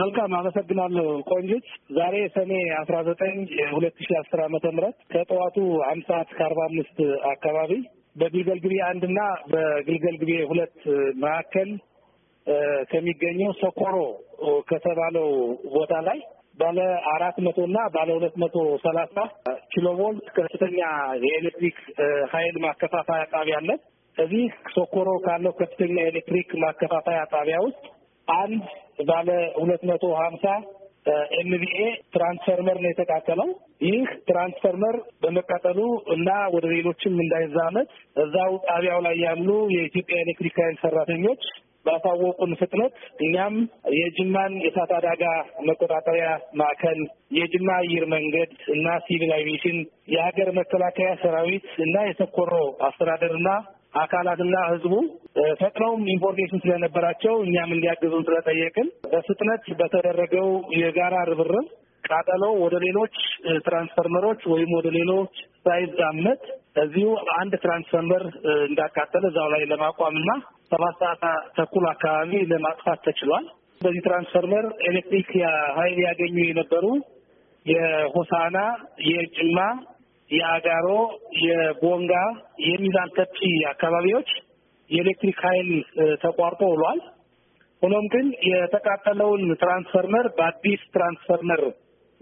መልካም አመሰግናለሁ ቆንጆች። ዛሬ ሰኔ አስራ ዘጠኝ የሁለት ሺ አስር አመተ ምህረት ከጠዋቱ አንድ ሰዓት ከአርባ አምስት አካባቢ በግልገል ግቤ አንድ አንድና በግልገል ግቤ ሁለት መካከል ከሚገኘው ሰኮሮ ከተባለው ቦታ ላይ ባለ አራት መቶ እና ባለ ሁለት መቶ ሰላሳ ኪሎ ቮልት ከፍተኛ የኤሌክትሪክ ኃይል ማከፋፈያ ጣቢያ አለ። እዚህ ሶኮሮ ካለው ከፍተኛ ኤሌክትሪክ ማከፋፈያ ጣቢያ ውስጥ አንድ ባለ ሁለት መቶ ሀምሳ ኤምቪኤ ትራንስፈርመር ነው የተቃጠለው። ይህ ትራንስፈርመር በመቃጠሉ እና ወደ ሌሎችም እንዳይዛመት እዛው ጣቢያው ላይ ያሉ የኢትዮጵያ ኤሌክትሪክ ኃይል ሰራተኞች ባሳወቁን ፍጥነት እኛም የጅማን የእሳት አደጋ መቆጣጠሪያ ማዕከል፣ የጅማ አየር መንገድ እና ሲቪል አቪዬሽን፣ የሀገር መከላከያ ሰራዊት እና የሰኮሮ አስተዳደርና አካላትና ህዝቡ ፈጥነውም ኢንፎርሜሽን ስለነበራቸው እኛም እንዲያግዙን ስለጠየቅን በፍጥነት በተደረገው የጋራ ርብርብ ቃጠሎ ወደ ሌሎች ትራንስፈርመሮች ወይም ወደ ሌሎች ሳይዛመት እዚሁ አንድ ትራንስፈርመር እንዳቃጠለ እዛው ላይ ለማቋምና ሰባት ሰዓት ተኩል አካባቢ ለማጥፋት ተችሏል። በዚህ ትራንስፈርመር ኤሌክትሪክ ኃይል ያገኙ የነበሩ የሆሳና የጭማ የአጋሮ፣ የቦንጋ፣ የሚዛን ተቲ አካባቢዎች የኤሌክትሪክ ኃይል ተቋርጦ ውሏል። ሆኖም ግን የተቃጠለውን ትራንስፈርመር በአዲስ ትራንስፈርመር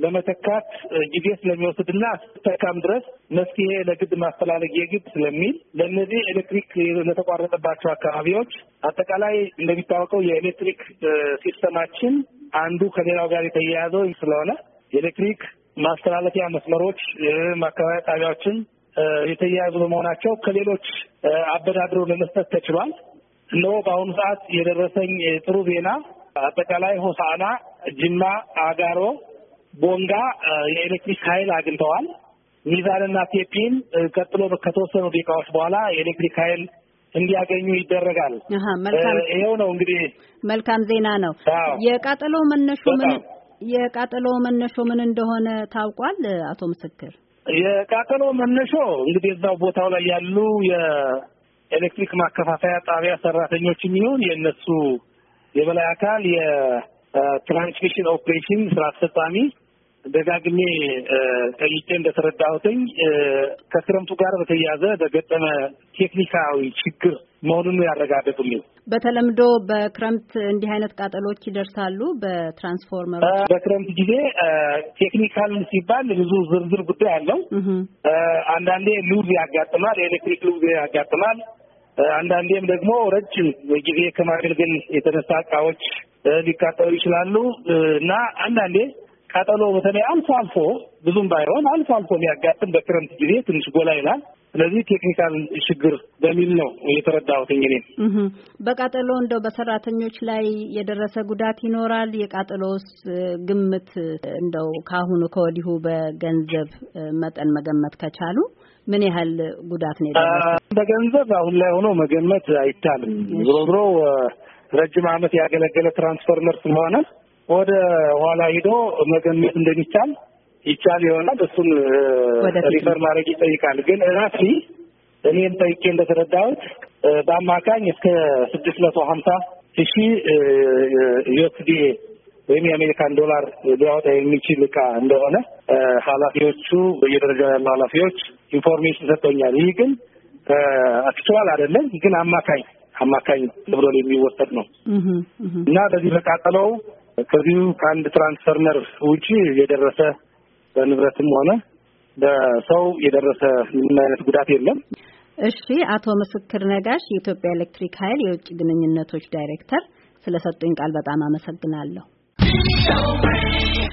ለመተካት ጊዜ ስለሚወስድና ስተካም ድረስ መፍትሄ ለግድ ማፈላለግ የግድ ስለሚል ለእነዚህ ኤሌክትሪክ ለተቋረጠባቸው አካባቢዎች አጠቃላይ እንደሚታወቀው የኤሌክትሪክ ሲስተማችን አንዱ ከሌላው ጋር የተያያዘው ስለሆነ የኤሌክትሪክ ማስተላለፊያ መስመሮች፣ ማከባቢያ ጣቢያዎችን የተያያዙ በመሆናቸው ከሌሎች አበዳድሮ ለመስጠት ተችሏል። እነሆ በአሁኑ ሰዓት የደረሰኝ ጥሩ ዜና አጠቃላይ ሆሳና ጅማ፣ አጋሮ፣ ቦንጋ የኤሌክትሪክ ኃይል አግኝተዋል። ሚዛንና ቴፒን ቀጥሎ ከተወሰኑ ደቂቃዎች በኋላ የኤሌክትሪክ ኃይል እንዲያገኙ ይደረጋል። ይኸው ነው እንግዲህ መልካም ዜና ነው። የቃጠሎ መነሹ ምን የቃጠሎ መነሾ ምን እንደሆነ ታውቋል? አቶ ምስክር፣ የቃጠሎ መነሾ እንግዲህ እዛው ቦታው ላይ ያሉ የኤሌክትሪክ ማከፋፈያ ጣቢያ ሰራተኞች የሚሆን የእነሱ የበላይ አካል የትራንስሚሽን ኦፕሬሽን ስራ አስፈጻሚ ደጋግሜ ጠይቄ እንደተረዳሁትኝ ከክረምቱ ጋር በተያያዘ በገጠመ ቴክኒካዊ ችግር መሆኑን ያረጋገጡልኝ። በተለምዶ በክረምት እንዲህ አይነት ቃጠሎች ይደርሳሉ። በትራንስፎርመሮች በክረምት ጊዜ ቴክኒካል ሲባል ብዙ ዝርዝር ጉዳይ አለው። አንዳንዴ ሉዝ ያጋጥማል፣ የኤሌክትሪክ ሉዝ ያጋጥማል። አንዳንዴም ደግሞ ረጅም ጊዜ ከማገልገል የተነሳ እቃዎች ሊቃጠሉ ይችላሉ እና አንዳንዴ ቃጠሎ በተለይ አልፎ አልፎ ብዙም ባይሆን አልፎ አልፎ የሚያጋጥም በክረምት ጊዜ ትንሽ ጎላ ይላል። ስለዚህ ቴክኒካል ችግር በሚል ነው የተረዳሁት። እንግዲህ በቃጠሎ እንደው በሰራተኞች ላይ የደረሰ ጉዳት ይኖራል? የቃጠሎስ ግምት እንደው ከአሁኑ ከወዲሁ በገንዘብ መጠን መገመት ከቻሉ ምን ያህል ጉዳት ነው የደረሰ? በገንዘብ አሁን ላይ ሆኖ መገመት አይቻልም። ዞሮ ዞሮ ረጅም ዓመት ያገለገለ ትራንስፎርመር ስለሆነ ወደ ኋላ ሂዶ መገመት እንደሚቻል ይቻል ይሆናል። እሱን ሪፈር ማድረግ ይጠይቃል። ግን ራሲ እኔም ጠይቄ እንደተረዳሁት በአማካኝ እስከ ስድስት መቶ ሀምሳ ሺ ዩኤስዲ ወይም የአሜሪካን ዶላር ሊያወጣ የሚችል እቃ እንደሆነ ኃላፊዎቹ በየደረጃው ያሉ ኃላፊዎች ኢንፎርሜሽን ሰጥቶኛል። ይህ ግን አክቹዋል አይደለም፣ ግን አማካኝ አማካኝ ተብሎ የሚወሰድ ነው እና በዚህ በቃጠለው ከዚሁ ከአንድ ትራንስፈርመር ውጪ የደረሰ በንብረትም ሆነ በሰው የደረሰ ምንም አይነት ጉዳት የለም። እሺ፣ አቶ ምስክር ነጋሽ የኢትዮጵያ ኤሌክትሪክ ኃይል የውጭ ግንኙነቶች ዳይሬክተር፣ ስለሰጡኝ ቃል በጣም አመሰግናለሁ።